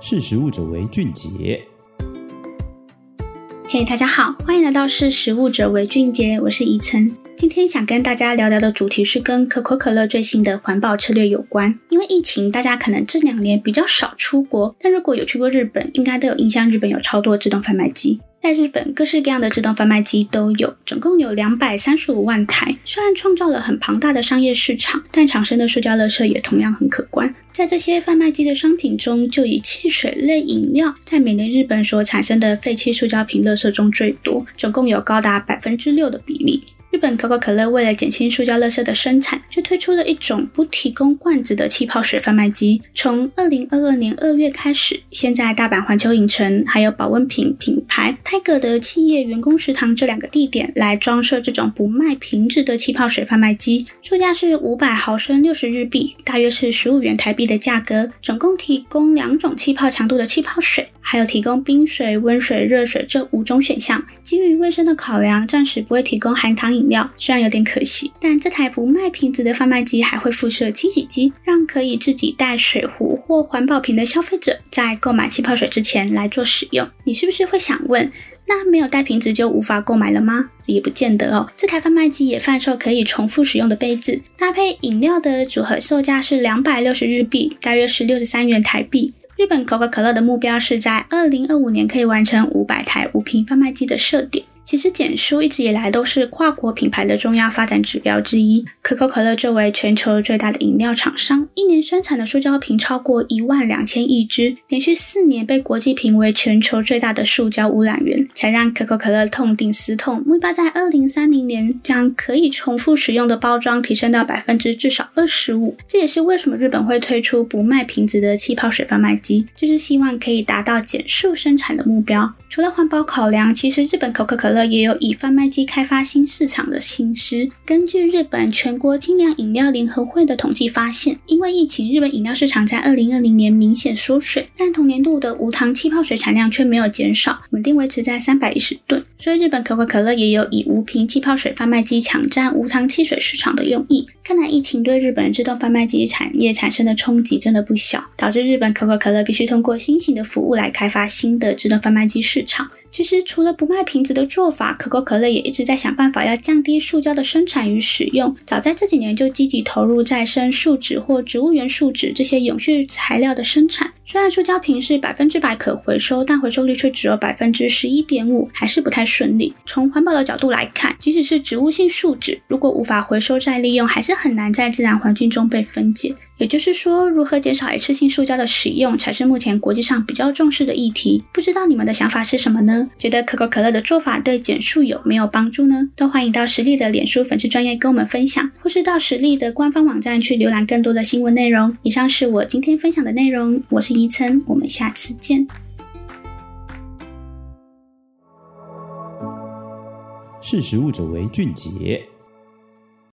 識食物者為俊傑。嘿、hey，大家好，歡迎來到識食物者為俊傑，我是怡岑。今天想跟大家聊聊的主題是跟可口可樂最新的環保策略有關。因為疫情，大家可能這兩年比較少出國，但如果有去過日本，應該都有印象，日本有超多自動販賣機。在日本，各式各樣的自動販賣機都有，總共有兩百三十五萬台，雖然創造了很龐大的商業市場，但產生的塑膠垃圾也同樣很可觀。在這些販賣機的商品中，就以汽水類飲料，在每年日本所產生的廢棄塑膠瓶垃圾中最多，總共有高達百分之六的比例。日本可口可樂為了減輕塑膠垃圾的生產，就推出了一種不提供罐子的氣泡水販賣機。從二零二二年二月開始，先在大阪環球影城還有保溫瓶品牌泰格的企業員工食堂這兩個地點來裝設這種不賣瓶子的氣泡水販賣機，售價是五百毫升六十日幣，大約是十五元台幣的價格。總共提供兩種氣泡強度的氣泡水，還有提供冰水、溫水、熱水這五種選項。基於衛生的考量，暫時不會提供含糖飲飲料雖然有點可惜，但這台不賣瓶子的販賣機還會附設清洗機，讓可以自己帶水壺或環保瓶的消費者在購買氣泡水之前來做使用。你是不是會想問，那沒有帶瓶子就無法購買了嗎？這也不見得哦，這台販賣機也販售可以重複使用的杯子，搭配飲料的組合售價是兩百六十日幣，大約是六十三元台幣。日本可口可樂的目標是在二零二五年可以完成五百台無瓶販賣機的設點。其實減塑一直以來都是跨國品牌的重要發展指標之一。可口可樂作為全球最大的飲料廠商，一年生產的塑膠瓶超過一萬兩千億隻，連續四年被國際評為全球最大的塑膠污染源，才讓可口可樂痛定思痛，目標在二零三零年將可以重複使用的包裝提升到百分之至少二十五。這也是為什麼日本會推出不賣瓶子的氣泡水販賣機，就是希望可以達到減塑生產的目標。除了環保考量，其實日本可口可樂。可口可樂也有以販賣機開發新市場的心思。根據日本全國清涼飲料聯合會的統計發現，因為疫情，日本飲料市場在二零二零年明顯縮水，但同年度的無糖氣泡水產量卻沒有減少，穩定維持在三百一十噸。所以，日本可口可樂也有以無瓶氣泡水販賣機搶佔無糖汽水市場的用意。看來，疫情對日本自動販賣機產業產生的衝擊真的不小，導致日本可口可樂必須通過新型的服務來開發新的自動販賣機市場。其實，除了不賣瓶子的做法，可口可，可樂也一直在想辦法要降低塑膠的生產與使用。早在這幾年就積極投入再生樹脂或植物源樹脂這些永續材料的生產。雖然塑膠瓶是百分之百可回收，但回收率卻只有百分之十一點五，還是不太順利。從環保的角度來看，即使是植物性樹脂，如果無法回收再利用，還是很難在自然環境中被分解。也就是說，如何減少一次性塑膠的使用，才是目前國際上比較重視的議題。不知道你們的想法是什麼呢？覺得可口可樂的做法對減塑有沒有幫助呢？都歡迎到食力的臉書粉絲專頁跟我們分享，或是到食力的官方網站去瀏覽更多的新聞內容。以上是我今天分享的內容，我是怡岑，我們下次見。識食物者為俊傑。